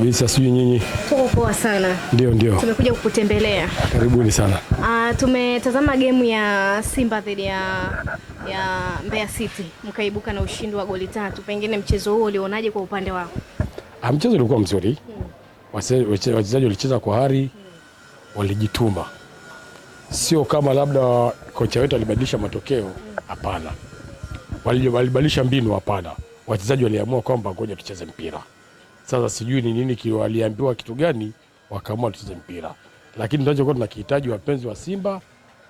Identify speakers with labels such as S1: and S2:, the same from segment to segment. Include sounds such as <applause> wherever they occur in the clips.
S1: kabisa. Sijui nyinyi?
S2: Tuko poa sana. Ndio, ndio, tumekuja kukutembelea.
S1: Karibuni sana.
S2: Uh, tumetazama gemu ya Simba dhidi ya ya Mbeya City mkaibuka na ushindi wa goli tatu. Pengine mchezo huo ulionaje kwa upande wako?
S1: Ah, mchezo ulikuwa mzuri hmm. Wachezaji walicheza kwa hari hmm. Walijituma, sio kama labda kocha wetu alibadilisha matokeo, hapana. Walibadilisha mbinu, hapana. Wachezaji waliamua kwamba ngoja tucheze mpira. Sasa sijui ni nini waliambiwa kitu gani, wakaamua tucheze mpira, lakini tunachokuwa tunakihitaji wapenzi wa Simba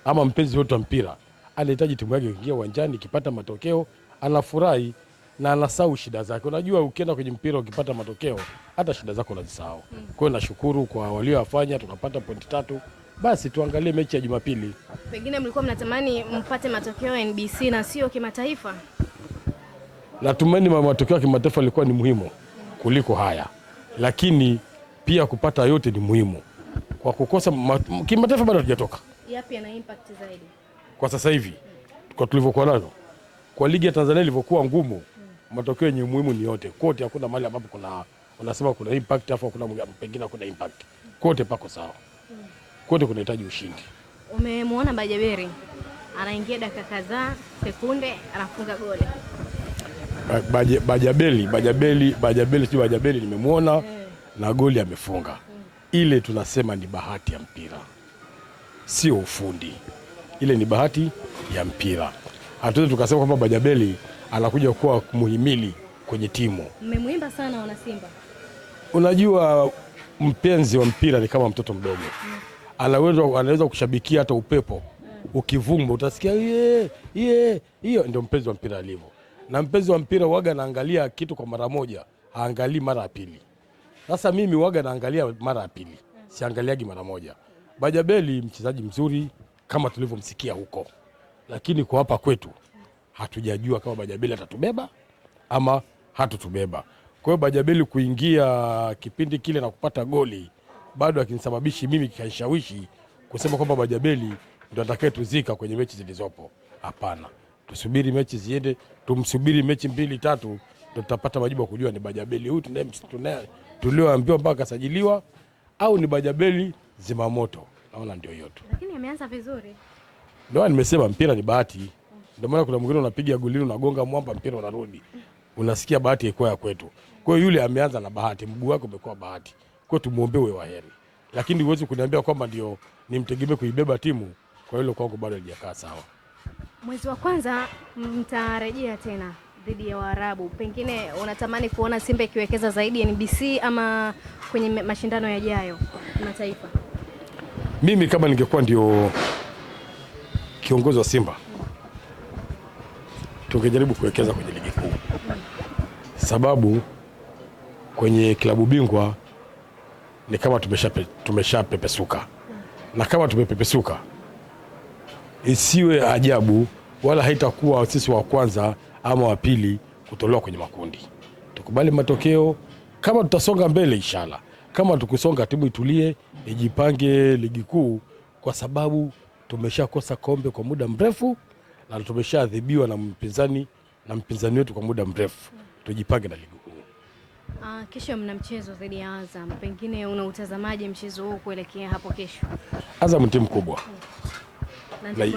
S1: ama mpenzi wote wa mpira anahitaji timu yake kuingia uwanjani ikipata matokeo anafurahi na anasahau shida zake. Unajua, ukienda kwenye mpira ukipata matokeo hata shida zako unazisahau. Mm. Kwa hiyo nashukuru kwa waliowafanya, tunapata pointi tatu. Basi tuangalie mechi ya Jumapili.
S2: Pengine mlikuwa mnatamani mpate matokeo NBC na sio kimataifa.
S1: Natumaini matokeo ya kimataifa yalikuwa ni muhimu kuliko haya, lakini pia kupata yote ni muhimu. Kwa kukosa kimataifa bado hatujatoka.
S2: Yapi yana impact zaidi
S1: kwa sasa hivi kwa tulivyokuwa nayo kwa ligi ya Tanzania ilivyokuwa ngumu hmm. Matokeo yenye muhimu ni yote kote, hakuna mahali ambapo kuna unasema kuna impact afu kuna pengine kuna impact, kote pako sawa Kote kunahitaji ushindi.
S2: Umemwona Bajaberi anaingia dakika kadhaa sekunde anafunga goli
S1: Bajabeli Bajabeli Bajabeli si Bajabeli, nimemwona eh. na goli amefunga. Ile tunasema ni bahati ya mpira, sio ufundi. Ile ni bahati ya mpira. Hatuwezi tukasema kwamba Bajabeli anakuja kuwa muhimili kwenye timu.
S2: Mmemwimba sana wana Simba.
S1: Unajua, mpenzi wa mpira ni kama mtoto mdogo, mm. anaweza kushabikia hata upepo mm. ukivuma utasikia ye, yee. Hiyo ndio mpenzi wa mpira alivyo na mpenzi wa mpira waga naangalia kitu kwa mara moja, haangalii mara ya pili. Sasa mimi waga naangalia mara ya pili, siangaliagi mara moja. Bajabeli mchezaji mzuri kama tulivyomsikia huko, lakini kwa hapa kwetu hatujajua kama Bajabeli atatubeba ama hatutubeba. Kwa hiyo Bajabeli kuingia kipindi kile na kupata goli bado akinisababishi mimi kikanishawishi kusema kwamba Bajabeli ndo atakaye tuzika kwenye mechi zilizopo. Hapana tusubiri mechi ziende, tumsubiri mechi mbili tatu, tutapata majibu kujua ni Bajabeli huyu tunaye tulioambiwa mpaka sajiliwa au ni Bajabeli zimamoto. Naona ndio hiyo tu,
S2: lakini ameanza vizuri.
S1: Ndio nimesema mpira ni bahati, ndio maana kuna mwingine unapiga golini unagonga mwamba, mpira unarudi, unasikia bahati ilikuwa ya kwetu. Kwa hiyo yule ameanza na bahati, mguu wake umekuwa bahati, kwa hiyo tumuombe uwe wa lakini huwezi kuniambia kwamba ndio nimtegemee kuibeba timu. Kwa hilo kwangu bado halijakaa sawa.
S2: Mwezi wa kwanza mtarejea tena dhidi ya Waarabu, pengine unatamani kuona Simba ikiwekeza zaidi NBC ama kwenye mashindano yajayo kimataifa?
S1: Mimi kama ningekuwa ndio kiongozi wa Simba tungejaribu kuwekeza kwenye ligi kuu, sababu kwenye klabu bingwa ni kama tumeshapepesuka, tumesha na kama tumepepesuka isiwe ajabu wala haitakuwa sisi wa kwanza ama wa pili kutolewa kwenye makundi. Tukubali matokeo kama tutasonga mbele inshallah. Kama tukusonga, timu itulie, ijipange ligi kuu, kwa sababu tumeshakosa kombe kwa muda mrefu na tumeshaadhibiwa na mpinzani na mpinzani wetu kwa muda mrefu. Tujipange na ligi kuu.
S2: Ah, kesho mna mchezo dhidi ya Azam, pengine unautazamaje mchezo huu kuelekea hapo kesho?
S1: Azam timu kubwa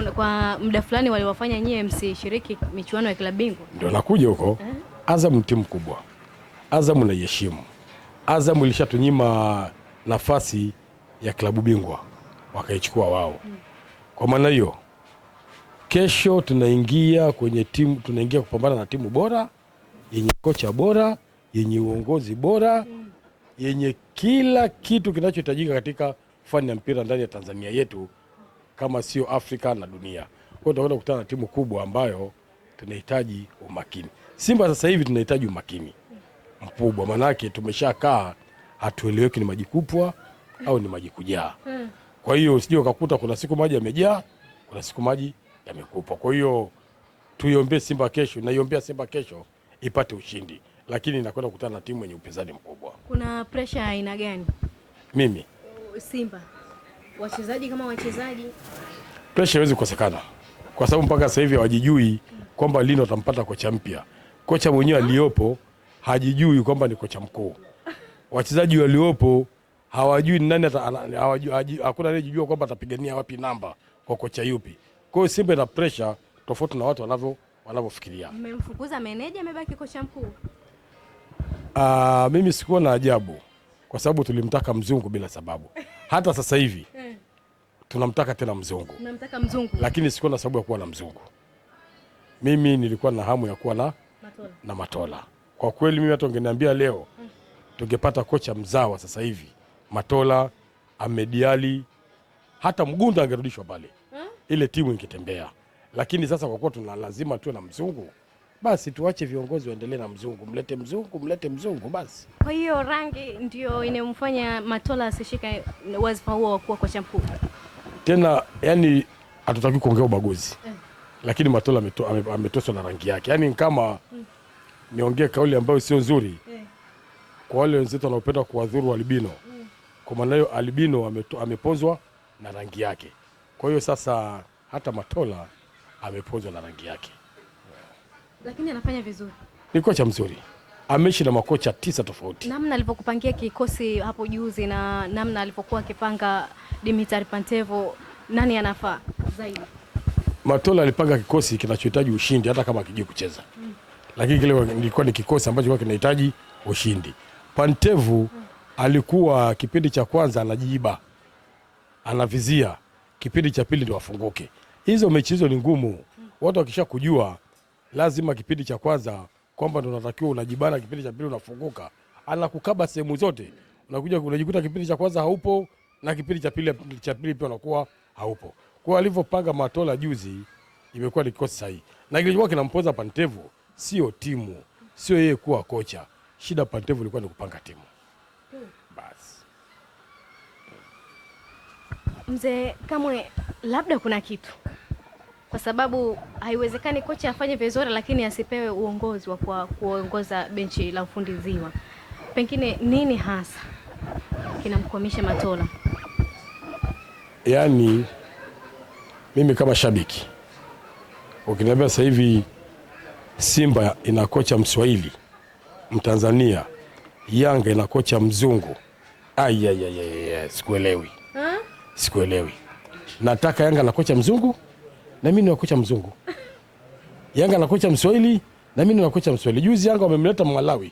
S2: na kwa muda fulani waliwafanya nyie msishiriki michuano ya klabu bingwa.
S1: Ndio nakuja huko eh? Azam timu kubwa, Azam naiheshimu. Azam ilishatunyima nafasi ya klabu bingwa wakaichukua wao. Mm. Kwa maana hiyo, kesho tunaingia kwenye timu, tunaingia kupambana na timu bora yenye kocha bora yenye uongozi bora mm. yenye kila kitu kinachohitajika katika fani ya mpira ndani ya Tanzania yetu kama sio Afrika na dunia. Kwa hiyo tutakwenda kukutana na timu kubwa ambayo tunahitaji umakini. Simba sasa hivi tunahitaji umakini mkubwa, maanake tumeshakaa hatueleweki ni maji kupwa au ni maji kujaa. Hmm. Kwa hiyo usije ukakuta kuna siku maji yamejaa, kuna siku maji yamekupwa. Kwa hiyo tuiombee Simba kesho, naiombea Simba kesho ipate ushindi, lakini nakwenda kukutana na timu yenye upinzani mkubwa.
S2: Kuna pressure aina gani? Mimi Simba wachezaji kama wachezaji,
S1: pressure haiwezi kukosekana, kwa sababu mpaka sasa hivi hawajijui kwamba lini watampata kocha mpya. Kocha mwenyewe aliyopo hajijui kwamba ni kocha mkuu, wachezaji waliopo hawajui ni nani, hakuna anayejua kwamba atapigania wapi namba kwa kocha yupi. Kwa hiyo Simba ina pressure tofauti na watu wanavyo wanavyofikiria.
S2: Mmemfukuza meneja, amebaki kocha mkuu.
S1: Aa, ah, mimi sikuwa na ajabu kwa sababu tulimtaka mzungu bila sababu. Hata sasa hivi tunamtaka tena mzungu,
S2: tunamtaka mzungu,
S1: lakini sikuwa na sababu ya kuwa na mzungu. Mimi nilikuwa na hamu ya kuwa na Matola, na Matola. Kwa kweli mimi hata ungeniambia leo tungepata kocha mzawa sasa hivi Matola, Amediali, hata Mgunda angerudishwa pale, ile timu ingetembea. Lakini sasa kwa kuwa tuna lazima tuwe na mzungu, basi tuache viongozi waendelee na mzungu, mlete mzungu, mlete mzungu basi.
S2: Kwa hiyo rangi ndio inayomfanya Matola asishike wadhifa huo wa kuwa kocha mkuu
S1: tena, yani hatutaki kuongea ubaguzi lakini Matola ametoswa na rangi yake, yani kama mm, niongee kauli ambayo sio nzuri kwa wale wenzetu wanaopenda kuwadhuru albino mm, kwa maana hiyo albino ameponzwa amepozwa na rangi yake. Kwa hiyo sasa hata Matola amepozwa na rangi yake,
S2: lakini anafanya vizuri,
S1: ni kocha mzuri ameishi na makocha tisa tofauti.
S2: Namna alivyokupangia kikosi hapo juzi na namna alivyokuwa akipanga Dimitar Pantevo, nani anafaa zaidi?
S1: Matola alipanga kikosi kinachohitaji ushindi hata kama akijui kucheza mm. Lakini kile kilikuwa ni kikosi ambacho kwa kinahitaji ushindi. Pantevu mm. alikuwa kipindi cha kwanza anajiiba, anavizia, kipindi cha pili ndio wafunguke. Hizo mechi hizo ni ngumu mm. Watu wakisha kujua lazima kipindi cha kwanza kwamba ndo unatakiwa unajibana, kipindi cha pili unafunguka, anakukaba sehemu zote, unakuja unajikuta kipindi cha kwanza haupo na kipindi cha pili cha pili pia unakuwa haupo. Kwa hiyo alivyopanga Matola juzi imekuwa ni kikosi sahihi, na kilichokuwa kinampoza Pantevu sio timu, sio yeye kuwa kocha. Shida Pantevu ilikuwa ni kupanga timu basi.
S2: Mzee Kamwe, labda kuna kitu kwa sababu haiwezekani kocha afanye vizuri lakini asipewe uongozi wa kuongoza benchi la ufundi Ziwa. Pengine nini hasa kinamkwamisha Matola?
S1: Yaani mimi kama shabiki ukiniambia sasa hivi Simba ina kocha Mswahili Mtanzania, Yanga ina kocha mzungu, ai, sikuelewi Sikuelewi. Nataka Yanga na kocha mzungu na mimi nina kocha mzungu. Yanga na kocha Mswahili na mimi nina kocha Mswahili. Juzi Yanga wamemleta malawi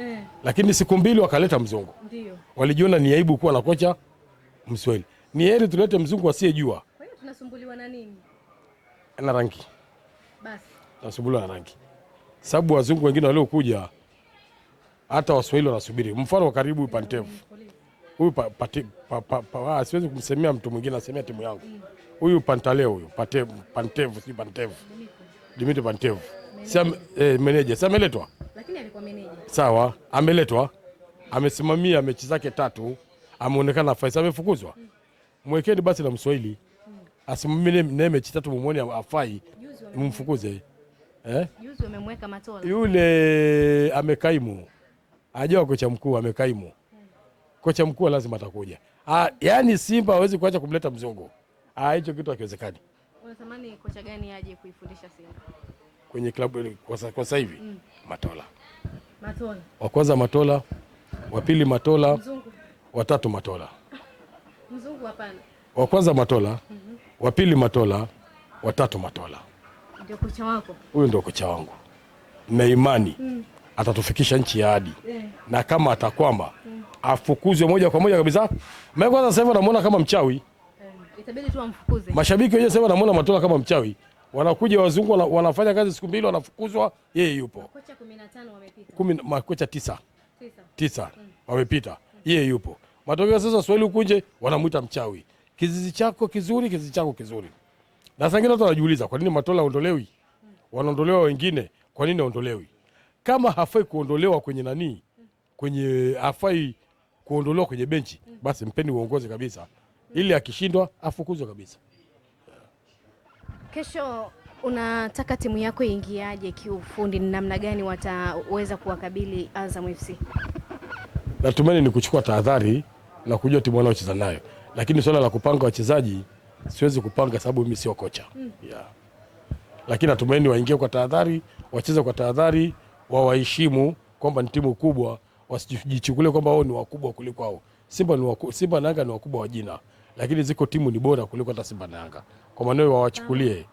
S1: eh. lakini siku mbili wakaleta mzungu. Ndio walijiona ni aibu kuwa na kocha Mswahili. Ni heri tulete mzungu asiyejua.
S2: Kwa hiyo tunasumbuliwa na nini? Na rangi basi,
S1: tunasumbuliwa na rangi sababu wazungu wengine waliokuja hata waswahili wanasubiri. Mfano wa karibu Pantevu huyu, siwezi kumsemea mtu mwingine, asemea timu yangu. Mm huyu Pantaleo huyu Pantevu, si Pantevu, Dimitri Pantevu eh, meneja, si ameletwa sawa, ameletwa amesimamia mechi zake tatu, ameonekana afai, amefukuzwa. Hmm. Mwekeni basi na Mswahili hmm. asimamie naye mechi tatu, mumwone afai, mumfukuze. Eh, yule amekaimu, ajua kocha mkuu amekaimu, hmm. kocha mkuu lazima atakuja. Ah, yani Simba hawezi kuacha kumleta mzungu Ah, hicho kitu hakiwezekani.
S2: Unatamani kocha gani aje kuifundisha Simba?
S1: Kwenye klabu kwa sasa hivi mm. Matola. Matola. Wa kwanza Matola, wa pili Matola, wa tatu Matola.
S2: <laughs> Mzungu hapana.
S1: Wa kwanza Matola, mm -hmm. wa pili Matola, wa tatu Matola.
S2: Ndio kocha wako?
S1: Huyu ndio kocha wangu. Na imani mm. atatufikisha nchi ya hadi yeah. na kama atakwama mm. afukuzwe moja kwa moja kabisa. Mimi kwanza sasa hivi namuona kama mchawi itabidi tu amfukuze. Mashabiki wenyewe sema namuona Matola kama mchawi, wanakuja wazungu wana, wanafanya kazi siku mbili wanafukuzwa, yeye yupo.
S2: Makocha 15 wamepita,
S1: kumi makocha tisa tisa, tisa. Mm. wamepita yeye yupo. Matokeo sasa Swahili ukunje wanamuita mchawi, kizizi chako kizuri, kizizi chako kizuri. Na sasa ngine tunajiuliza kwa nini Matola aondolewi? wanaondolewa wengine, kwa nini aondolewi? Kama hafai kuondolewa kwenye nani, kwenye hafai kuondolewa kwenye benchi, mm. basi mpeni uongozi kabisa ili akishindwa afukuzwe kabisa.
S2: Kesho unataka timu yako iingiaje kiufundi, ni namna gani wataweza kuwakabili Azam FC?
S1: Natumaini ni kuchukua tahadhari na kujua timu wanaocheza nayo, lakini swala la kupanga wachezaji siwezi kupanga sababu mimi sio kocha mm. yeah. Lakini natumaini waingie kwa tahadhari, wacheze kwa tahadhari, wawaheshimu kwamba ni timu kubwa, wasijichukulie kwamba wao ni wakubwa kuliko ao Simba ni Simba na Yanga ni wakubwa wa jina lakini ziko timu ni bora kuliko hata Simba na Yanga. Kwa maneno wawachukulie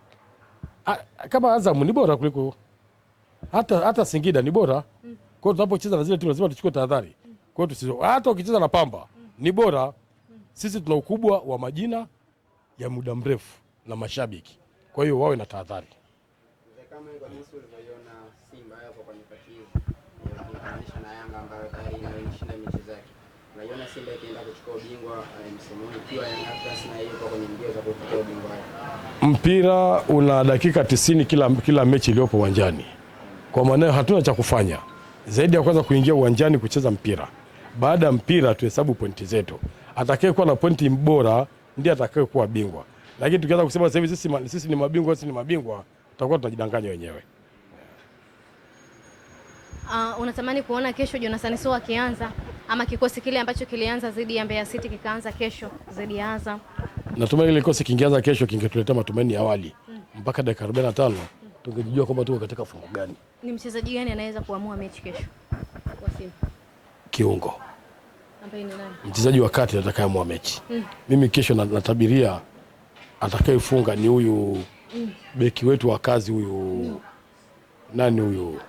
S1: ah. Ah, kama Azam ni bora kuliko hata, hata Singida ni bora. Mm. Kwa hiyo tunapocheza na zile timu lazima tuchukue tahadhari. Mm. Kwa hiyo hata ukicheza na Pamba mm. ni bora. Sisi tuna ukubwa wa majina ya muda mrefu na mashabiki, kwa hiyo wawe na tahadhari.
S2: Unaiona Simba ikienda kuchukua ubingwa eh, msimu huu ikiwa Yanga Africans na hiyo kwenye mbio za kuchukua ubingwa?
S1: Mpira una dakika tisini kila, kila mechi iliyopo uwanjani. Kwa maana hatuna cha kufanya zaidi ya kwanza kuingia uwanjani kucheza mpira. Baada ya mpira tuhesabu pointi zetu. Atakayekuwa na pointi bora ndiye atakayekuwa bingwa. Lakini tukianza kusema sasa hivi sisi, sisi ni mabingwa, sisi ni mabingwa, tutakuwa tunajidanganya wenyewe.
S2: Uh, unatamani kuona kesho Jonathan Soa akianza ama kikosi kile ambacho kilianza dhidi ya Mbeya City kikaanza kesho dhidi ya Azam?
S1: Natumai ile kikosi kingeanza kesho kingetuletea matumaini ya awali mpaka dakika 45 mm. tungejijua kwamba tuko katika fungu gani.
S2: Ni mchezaji gani anaweza kuamua mechi kesho kwa Simba?
S1: Kiungo ambaye ni nani? Mchezaji wa kati atakayeamua mechi. Mm. Mimi kesho natabiria atakayefunga ni huyu mm. beki wetu wa kazi huyu mm. nani huyu?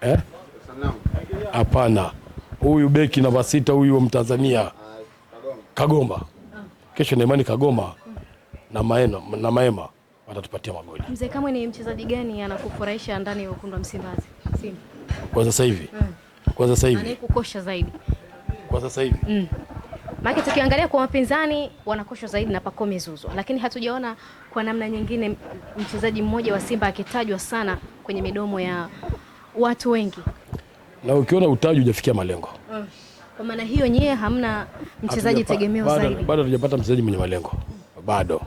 S1: Eh? Hapana huyu beki namba sita huyu Mtanzania Kagomba, kesho na imani Kagoma na Maema, na Maema watatupatia magoli.
S2: Mzee Kamwe, ni mchezaji gani anakufurahisha ndani ya wekundu wa Msimbazi? Simba
S1: kwa sasa hivi mm. kwa sasa hivi
S2: anayekukosha zaidi
S1: kwa sasa hivi mm.
S2: Maana tukiangalia kwa wapinzani wanakosha zaidi na Pacome Zuzo, lakini hatujaona kwa namna nyingine mchezaji mmoja wa Simba akitajwa sana kwenye midomo ya watu wengi,
S1: na ukiona utaji hujafikia malengo
S2: kwa maana hiyo nyie hamna mchezaji tegemeo zaidi.
S1: Bado hatujapata mchezaji mwenye malengo, bado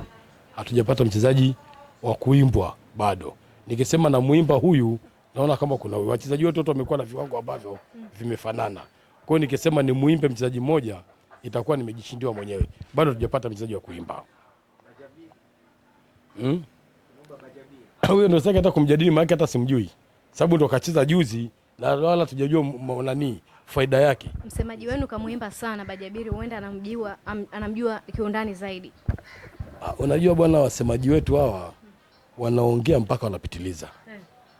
S1: hatujapata mchezaji wa kuimbwa bado. Nikisema na muimba huyu, naona kama kuna wachezaji wote wote wamekuwa na viwango ambavyo vimefanana. Kwa hiyo nikisema ni muimbe mchezaji mmoja, itakuwa nimejishindiwa mwenyewe. Bado hatujapata mchezaji wa kuimba hmm? huyo, ndio sasa hata kumjadili, maana hata simjui, sababu ndo kacheza juzi na wala tujajua nani faida yake.
S2: Msemaji wenu kamuimba sana Bajabiri, huenda anamjua anamjua kiundani zaidi.
S1: Ah, unajua bwana, wasemaji wetu hawa wanaongea mpaka wanapitiliza,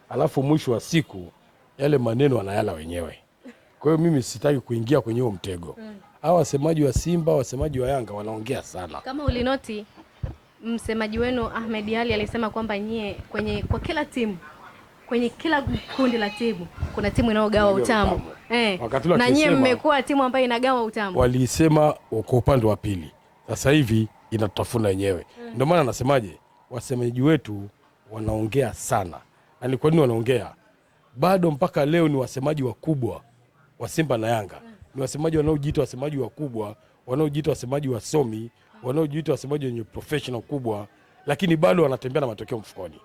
S1: alafu mwisho wa siku yale maneno wanayala wenyewe. Kwa hiyo mimi sitaki kuingia kwenye huo mtego. Hawa wasemaji wa Simba, wasemaji wa Yanga wanaongea sana.
S2: Kama ulinoti, msemaji wenu Ahmed Ali alisema kwamba nyie kwenye kwa kila timu kwenye kila kundi la timu kuna timu inayogawa utamu eh, na nyie mmekuwa timu ambayo inagawa utamu.
S1: Walisema kwa upande wa pili, sasa hivi inatutafuna yenyewe mm. Ndio maana nasemaje, wasemaji wetu wanaongea sana, na ni kwa nini wanaongea? Bado mpaka leo ni wasemaji wakubwa wa Simba na Yanga mm. Ni wasemaji wanaojiita wasemaji wakubwa, wanaojiita wasemaji wasomi, wanaojiita wasemaji wenye professional kubwa, lakini bado wanatembea na matokeo mfukoni.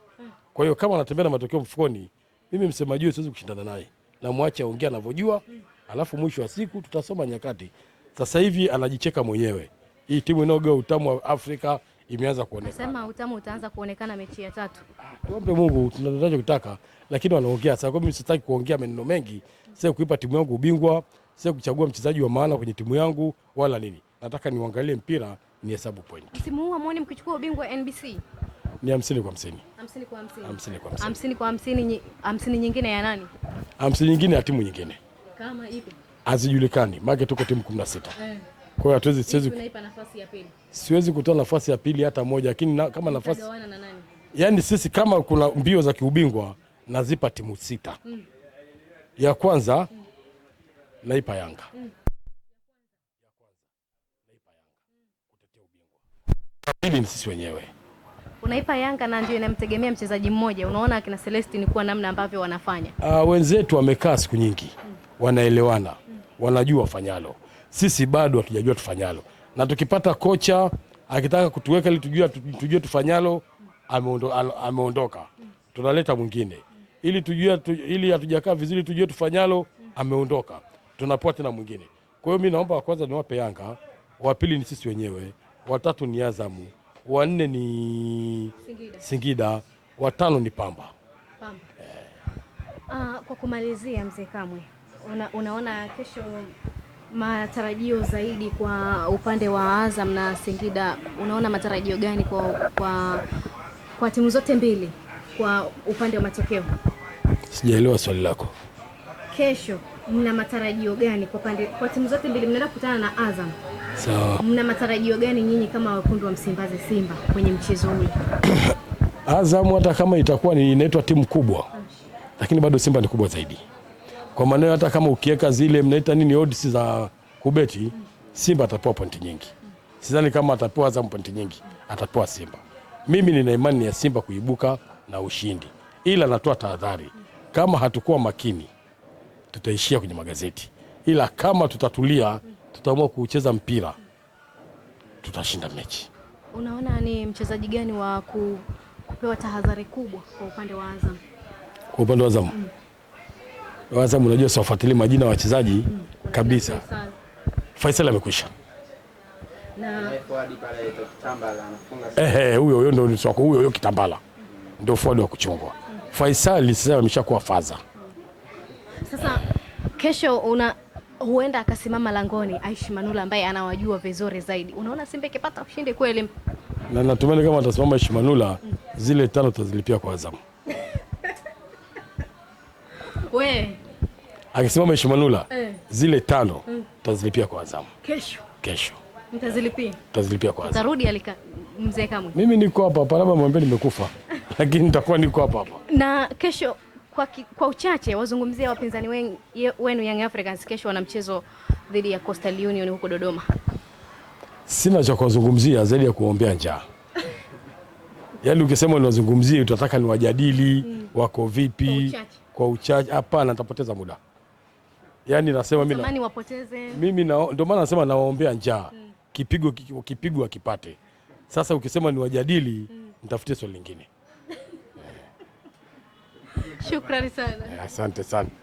S1: Kwa hiyo kama anatembea na matokeo mfukoni, mimi msemaji wetu siwezi kushindana naye, namwache aongea anavyojua, alafu mwisho wa siku tutasoma nyakati. Sasa hivi anajicheka mwenyewe. Hii timu inayogawa utamu wa Afrika imeanza kuonekana.
S2: Nasema utamu utaanza kuonekana mechi ya tatu.
S1: Tuombe Mungu tunataka kutaka, lakini wanaongea sasa. Kwa mimi sitaki kuongea maneno mengi, sio kuipa timu yangu ubingwa, sio kuchagua mchezaji wa maana kwenye timu yangu wala nini. Nataka niangalie mpira, ni hesabu point.
S2: Msimu huu hamuoni mkichukua ubingwa NBC?
S1: ni hamsini kwa hamsini.
S2: Hamsini kwa hamsini. Hamsini kwa hamsini. Hamsini kwa hamsini, hamsini nyingine ya nani?
S1: Hamsini nyingine ya timu nyingine. Kama ipi? Hazijulikani. Maana tuko timu 16. sita eh. Kwa hiyo hatuwezi siwezi
S2: kunaipa nafasi ya pili.
S1: Siwezi kutoa nafasi ya pili hata moja, lakini na, kama nafasi na nani? yani sisi kama kuna mbio za kiubingwa nazipa timu sita. Mm. Ya kwanza mm. naipa Yanga. Mm. Pili ni sisi wenyewe
S2: unaipa Yanga na ndio inamtegemea mchezaji mmoja, unaona akina Celestine kuwa namna ambavyo wanafanya.
S1: Uh, wenzetu wamekaa siku nyingi mm. wanaelewana mm. wanajua wafanyalo, sisi bado hatujajua tufanyalo, na tukipata kocha akitaka kutuweka ili tujue tujue tufanyalo, ameondoka mm. tunaleta mwingine ili tujue tu, ili hatujakaa vizuri tujue tufanyalo, ameondoka tunapoa tena mwingine. Kwa hiyo mimi naomba wa kwanza niwape Yanga, wa pili ni sisi wenyewe, watatu ni Azamu wanne ni Singida, Singida. watano ni Pamba, Pamba. Eh.
S2: Uh, kwa kumalizia mzee Kamwe, una, unaona kesho matarajio zaidi kwa upande wa Azam na Singida, unaona matarajio gani kwa, kwa, kwa timu zote mbili kwa upande wa matokeo?
S1: Sijaelewa swali lako.
S2: Kesho mna matarajio gani kwa, pande, kwa timu zote mbili mnaenda kukutana na Azam Sawa. Mna matarajio gani nyinyi kama wekundu wa Msimbazi Simba kwenye mchezo huu?
S1: <coughs> Azam hata kama itakuwa ni inaitwa timu kubwa lakini bado Simba ni kubwa zaidi. Kwa maana hata kama ukiweka zile mnaita nini odds za kubeti, Simba atapewa pointi nyingi. Sidhani kama atapewa Azam pointi nyingi, atapewa Simba. Mimi nina imani ya Simba kuibuka na ushindi. Ila natoa tahadhari. Kama hatukuwa makini tutaishia kwenye magazeti. Ila kama tutatulia tutaamua kucheza mpira, tutashinda mechi.
S2: Unaona ni mchezaji gani wa ku, kupewa tahadhari kubwa kwa upande wa Azam?
S1: Kwa upande wa Azam mm. Azam unajua siwafuatilie majina ya wachezaji mm. kabisa. Faisal amekwisha eh, eh, huyo huyo ndio huyo huyo Kitambala ndio fuadi wa kuchongwa. Mm. Faisal sasa ameshakuwa faza.
S2: Sasa kesho una huenda akasimama langoni Aishi Manula ambaye anawajua vizuri zaidi. Unaona Simba ikipata ushindi kweli,
S1: na natumani kama atasimama Aishi Manula mm. zile tano tutazilipia kwa Azamu
S2: <laughs> we
S1: akisimama Aishi Manula eh. zile tano mm. kwa Azamu kesho, kesho.
S2: Mtazilipia?
S1: Tazilipia kwa Azamu.
S2: Tarudi alika mzee Kamwe?
S1: Mimi niko hapa hapa, labda mwambie nimekufa <laughs> lakini nitakuwa niko hapa hapa
S2: na kesho kwa, ki, kwa uchache wazungumzia wapinzani wenu Young Africans kesho wana mchezo dhidi ya Coastal Union huko Dodoma.
S1: Sina cha kuwazungumzia zaidi ya kuombea njaa. <laughs> Yaani ukisema niwazungumzie utataka niwajadili mm. wako vipi kwa uchache? Hapana, nitapoteza muda. Yaani nasema
S2: mimi na, wapoteze.
S1: Mimi ndio maana nasema nawaombea njaa mm. kipigo kipigo akipate. Sasa ukisema niwajadili mm. nitafutie swali lingine.
S2: Shukrani sana,
S1: eh, asante sana.